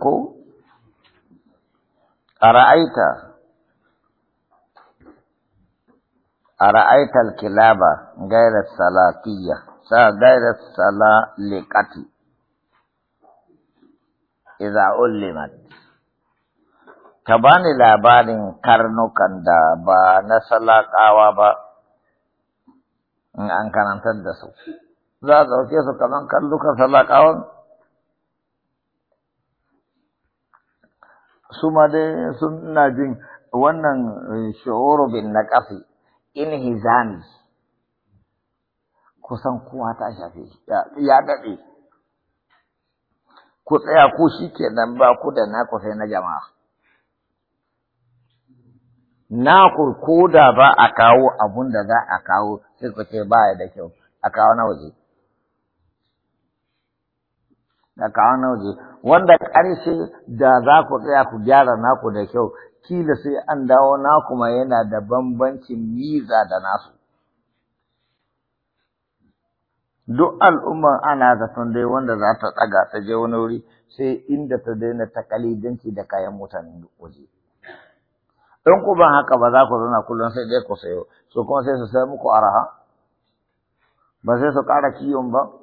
ko ara'aita ara'aita al-kilaba ghayra salatiyya sa sala salaliqati idza ulimat ka bani labarin karnukan da ba na salakawa ba in an karantar da su za a zauke su kaman karnukan salakawan su ma dai suna jin wannan eh, shi'uru bin in hizami kusan kowa ta shafe ya daɗe ku tsaya ku shi ke nan ba ku da naku sai na jama'a naku ko da ba a kawo abun da za a kawo sai ku ce ba da kyau a kawo na waje da kawo waje wanda ƙarshe da za ku tsaya ku gyara naku da kyau kila sai an dawo naku ma yana da bambancin miza da nasu duk al'ummar ana zaton dai wanda za ta tsaga ta je wani wuri sai inda ta daina ta danci, da kayan mutanen waje in ku ban haka ba za ku zauna kullum sai dai ku sayo su kuma sai su sai muku araha ba sai su ƙara kiyon ba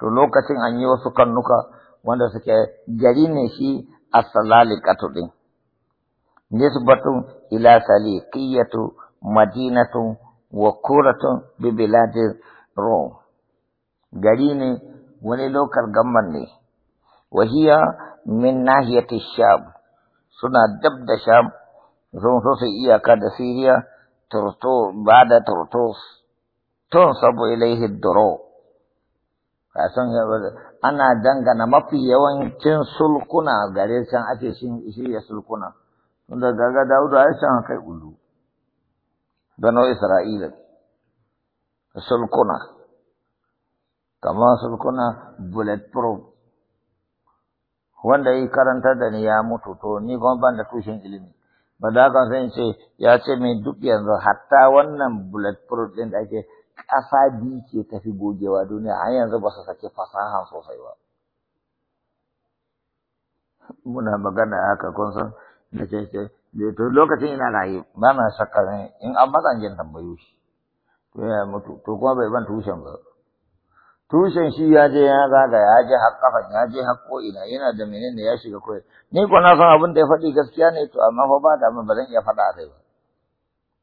to lokacin an yi wasu kannuka wanda suke gari ne shi a salalqatu din nisbatun ila saliqiyatu madinatun wa kuratun bi biladin rom gari ne wani lokar gamman ne wahiya min nahiyati sham suna dab da sham sun so su iyaka da siriya turto ba da turtos tun sabu ilaihi duro san ana dangana mafi yawancin sulkuna gare can ake shirya sulkuna tunda gaga Dawudu ai can kai ulu Dano Isra'ila sulkuna kamar sulkuna bulletproof wanda yi karanta da ni ya mutu to ni kuma ban da tushen ilimi ba da ka san ce ya ce mai duk yanzu hatta wannan proof din da ake ƙasa biyu ke tafi gogewa duniya har yanzu ba su saki fasaha sosai ba. Muna magana haka kun san da ce ce to lokacin ina rayu. ba na shakka ne in an matsa jin tambayo shi to ya mutu to kuma bai ban tushen ba. Tushen shi ya je ya zaga ya je har ya je har ko'ina yana da menene ya shiga koyi. Ni kuwa na san abin da ya faɗi gaskiya ne to amma fa ba da ba zan iya faɗa a kai ba.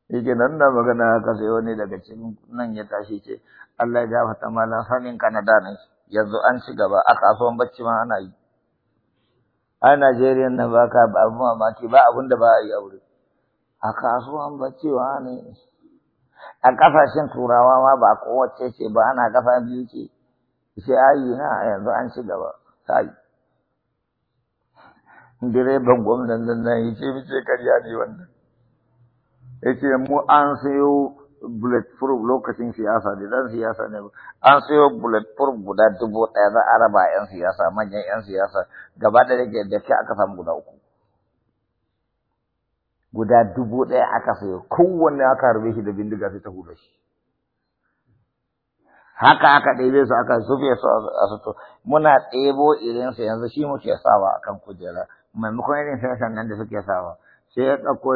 yake nan da magana ka sai wani daga cikin nan ya tashi ce Allah ya gafarta malam sanin Canada ne yanzu an ci gaba a kasuwan bacci ma ana yi a Najeriya nan ba ka ba abun mamaki ba abun da ba a yi aure a kasuwan bacci wa ne a kasashen turawa ma ba kowace ce ba ana kafa biyu ce sai ayi na yanzu an ci gaba sai direban gwamnan nan ya ce mace karya ne wannan yace mu an sayo bulletproof lokacin siyasa da dan siyasa ne an sayo bulletproof guda dubu ɗaya za a raba yan siyasa manyan yan siyasa gaba da rage da ke aka samu guda uku guda dubu ɗaya aka sayo kowanne aka harbe shi da bindiga sai ta huda shi haka aka ɗebe su aka zube su a sato muna ɗebo irinsu yanzu shi muke sawa akan kujera maimakon irin nan da suke sawa sai ya ɗauko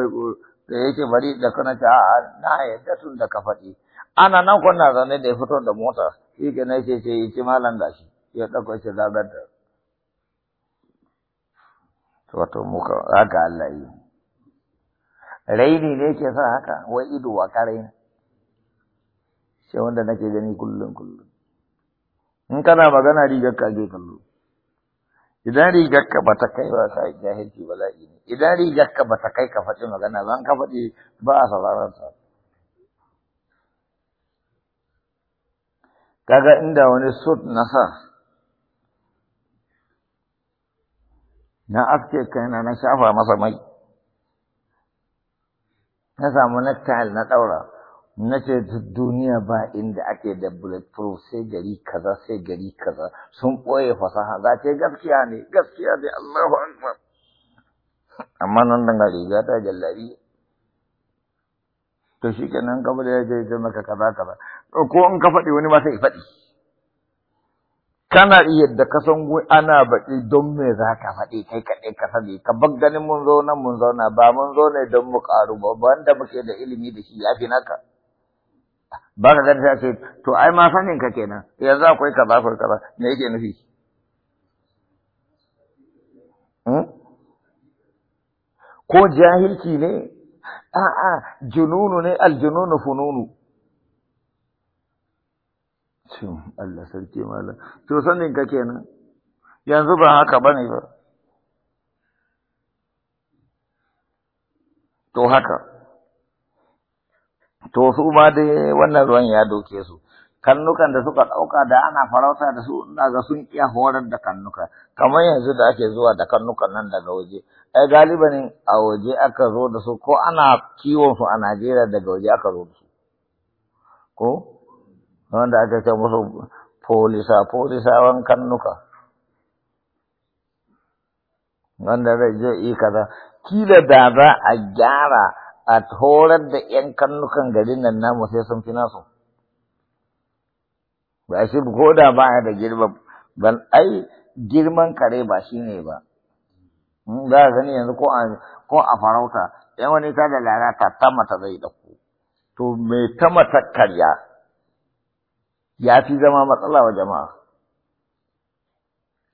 da yake bari da kana ta na yadda tun da ka faɗi ana nan na zane da ya fito da mota shi ke na ce ce yi ci malam gashi ya ɗauko shi zagar da wato muka haka Allah yi raini ne ke sa haka wai ido wa kare sai wanda nake gani kullum kullum in kana magana rigar ka je kallo idan rigarka ba ta kai ba ka jahilci bala'i ne idan rigarka ba ta kai ka faɗi magana ba ka faɗi ba a sauraron sa kaga inda wani sut na sa na aske kaina na shafa masa mai na samu nektail na ɗaura na ce duniya ba inda ake da bulletproof sai gari kaza sai gari kaza sun ɓoye fasaha za ce gaskiya ne gaskiya ne Allahu Akbar amma nan gari riga ta jallari to shi kenan gaba da ya je maka kaza kaza ko in ka faɗi wani ma sai faɗi kana iya da ka san ana baƙi don me za ka faɗi kai kaɗai ka sani ka bar ganin mun zo nan mun zauna ba mun zo ne don mu ƙaru ba wanda muke da ilimi da shi ya fi naka. ba ka ta ce to ai ma sanin ka kenan yanzu akwai kaza ka ba me yake nufi hmm? ko jahilci ne a'a jununu ne aljununu fununu cin Allah sarki malam to sanin ka kenan yanzu ba haka bane ba to haka to su ma dai wannan ruwan ya doke su Kannukan da suka ɗauka da ana farauta da su ina ga sun iya horar da kannuka. kamar yanzu da ake zuwa da kannukan nan daga waje ai galibani a waje aka zo da su ko ana kiwon su a Najeriya daga waje aka zo da su ko wanda aka ce musu polisa wan kannuka. wanda zai je yi kaza kila da za a gyara a horar da ‘yan kannukan garin nan namu sai sun fi nasu. Ba shi ko da baya da girma, ban ai girman kare ba shi ne ba. Hmm, za a gani yanzu ko a farauta, ‘yan wani ta da larata ta mata zai ɗauko. To mai ta mata karya ya fi zama matsala wa jama'a.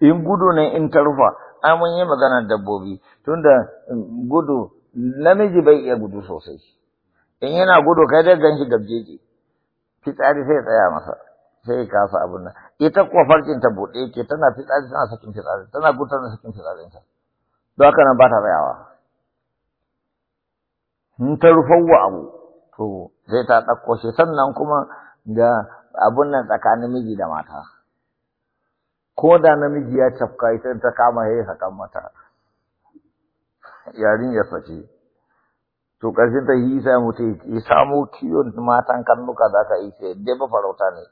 In gudu ne in ta rufa, amin yi maganar dabbobi, tunda mm, gudu namiji bai iya gudu sosai in yana gudu kai dai ganshi gabjeje fitsari sai tsaya masa sai kasa abin nan ita kuwa farkin ta buɗe yake tana fitsari tana sakin fitsari tana gudu tana sakin fitsarin ta don haka nan ba ta tsayawa in ta wa abu to zai ta ɗauko shi sannan kuma da abun nan tsakanin miji da mata ko da namiji ya cafka ita ta kama ya yi sakan mata Yarin ya ce to ƙarshen ta yi sa mutu ya samu kiwon matan karnuka za ka yi sai dai ba farauta ne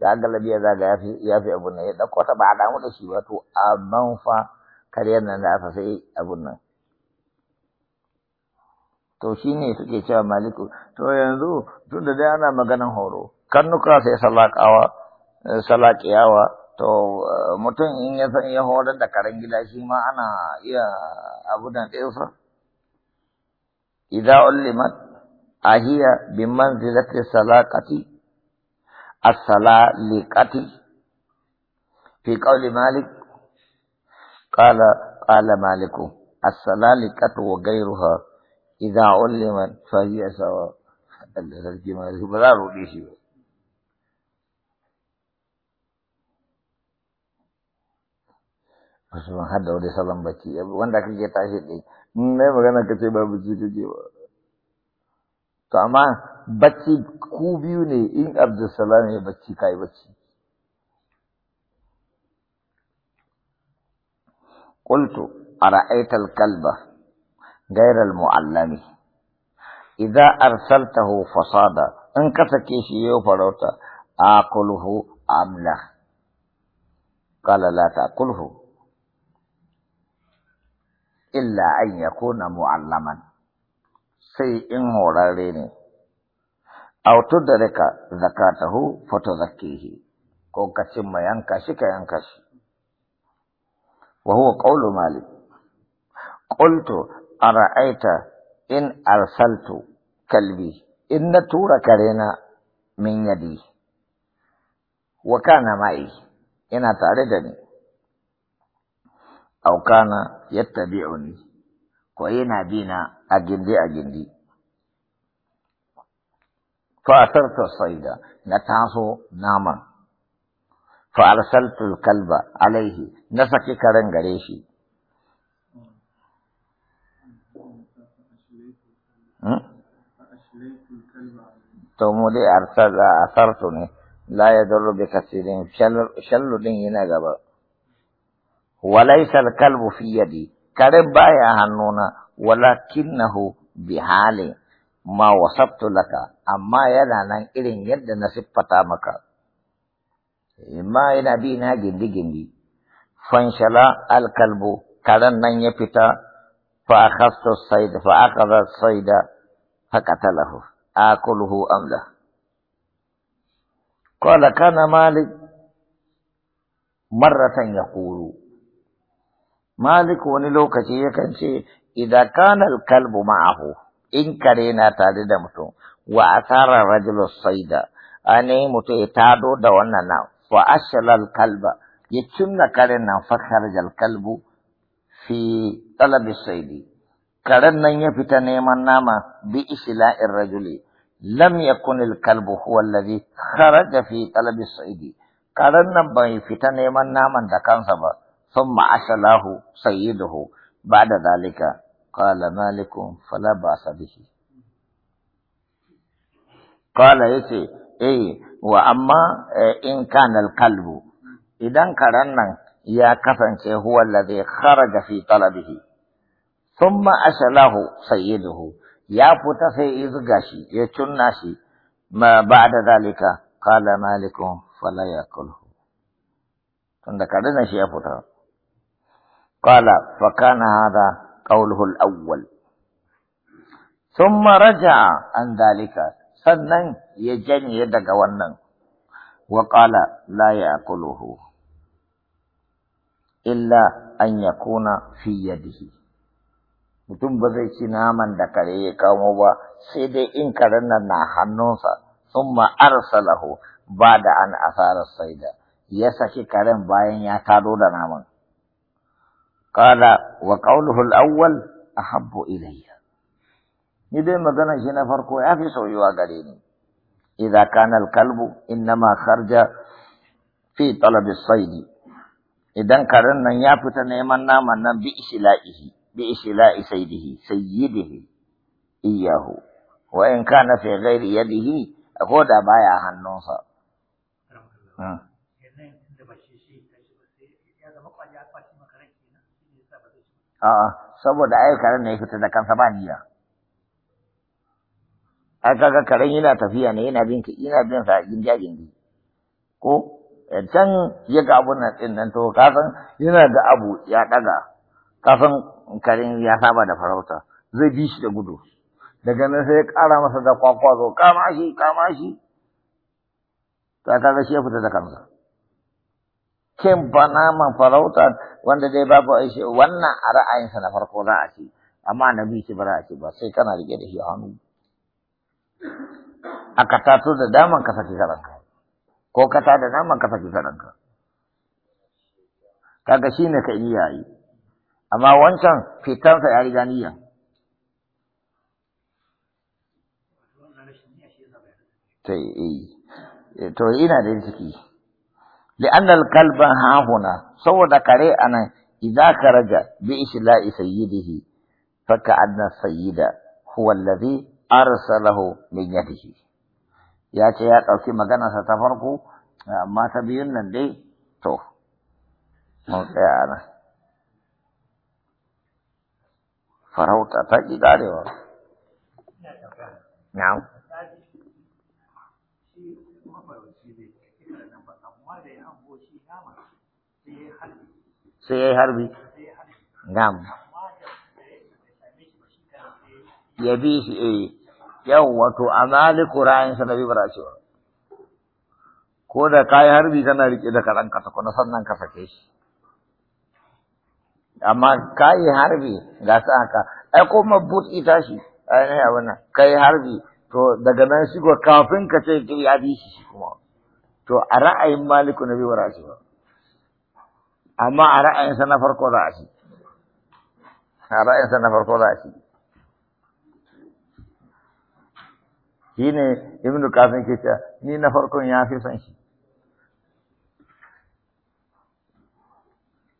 da galabi ya zaga ya fi abun nan ya ɗauko ta ba a damu da shi ba to a fa karyar nan da aka sai abun nan to shi ne suke cewa maliku to yanzu tun da dai ana maganan horo Kannuka sai salakawa eh, salakiyawa to eh, mutum in ya san ya horar da karen gida shi ma ana iya abu da ɗinsa idza ullimat ahiya bimman manzilati salakati as salalikati fi qawli malik qala qala maliku as-salaliqatu wa ghayruha idza ullimat fa hiya sawa Allah sarki ma ba za a roɗe shi ba musamman har da wani salon bacci wanda kake tashi ɗai in na magana ka ce ba bacci kake ba to amma bacci ku biyu ne in abdulsalam ya bacci ka yi bacci قلت أرأيت الكلب غير المعلم إذا أرسلته فصادا إن كتكيش يوفروتا آكله أم لا قال لا تأكله إلا أن يكون معلما سي إن هورالين أو تدرك زكاته فتزكيه كو كسم ينكش كينكش وهو قول مالي قلت أرأيت إن أرسلت كلبي إن تور كرينا من يدي وكان معي إن تاردني aw kana yattabi'uni ko yana bina a gindi a gindi fa asarta saida na taso naman fa arsaltu kalba alaihi na saki karen gare shi hmm? to mu dai arsal asartu ne la yadurru bi kasirin shallu din yana gaba وليس الكلب في يدي كرب بايا هنونا ولكنه بحال ما وصفت لك أما يدانا إلين يد نسبة مك إما إلى بينا جندي جندي فانشلا الكلب كرن نن يفتا فأخذت الصيد فأخذ الصيد فقتله آكله أم لا قال كان مالك مرة يقول مالك ونلو كتير كنشي إذا كان الكلب معه إن كرينا تاددمتو وأثار رجل الصيدة أني متعتادو دواننا فأشل الكلب يتشمنا كرينا فخرج الكلب في طلب الصيد كرنا يفت نيمنام بإشلاء الرجل لم يكن الكلب هو الذي خرج في طلب الصيد كرنا بيفت نيمنام كان سبب ثم عسله سيده بعد ذلك قال مالك فلا بأس به قال يتي اي وأما إن كان القلب إذا كرنا يا كفن هو الذي خرج في طلبه ثم أسله سيده يا فتسي إذ قاشي يتناشي ما بعد ذلك قال مالك فلا يأكله عندك عدنا شيء فتره قال فكان هذا قوله الأول ثم رجع عن ذلك سنن يجن يدك ونن وقال لا يأكله إلا أن يكون في يده mutum ba zai ci naman da kare ya kamo ba sai dai in karen nan na hannunsa sun salahu ba da an asarar saida ya saki karen bayan ya taro da naman قال وقوله الأول أحب إلي إذا ما كان شيء فرقه في سويوا قريني إذا كان الكلب إنما خرج في طلب الصيد إذا كان يافت نيمان نامان بإسلائه بإسلاء سيده سيده إياه وإن كان في غير يده أخذ بايع هنوصا A'a, saboda ai ne ya fita da kansa ba niyya. Ai kaga karen yana tafiya ne yana bin ina bin sa ginja ginji. Ko eh, can ya ga abun nan din nan to ka san yana da abu ya daga. Ka san karen ya saba da farauta zai bi shi da gudu. Daga nan sai ya kara masa da kwakwazo kama shi kama shi. Ta kaga shi ya fita da kansa. cin banaman farauta wanda dai babu aishi wannan a ra'ayinsa na farko za a amma annabi ce ba za a ba sai kana rike da shi hannu a katato da daman ka saki karanka ko kata da daman ka saki karanka kaga shine ka iya yi amma wancan fitansa ya riga niyya to eh, ina da ciki لأن القلب ها هنا سود كري أنا إذا خرج بإشلاء سيده فكأن السيد هو الذي أرسله من يده يا أو أوكي كان ستفرقوا ما تبين لدي تو أنا فروت أتاكي داري نعم sai ya yi harbi Gam? ya bi shi eh yau wato amaliku ra'ayin sa nabi bara cewa ko da yi harbi kana rike da karan ka na sannan ka sake shi amma ka yi harbi ga sa haka ai ko mabut ita shi ai ne a ka yi harbi to daga nan shigo kafin ka ce ya bi shi kuma To a ra'ayin Maliku na biyu ra’asi ba. Amma a ra'ayinsa na farko ra’asi, a ci. A ra'ayinsa na farko ra’asi. Shi ne Ibn Qasim ke ni na farkon ya fi son shi.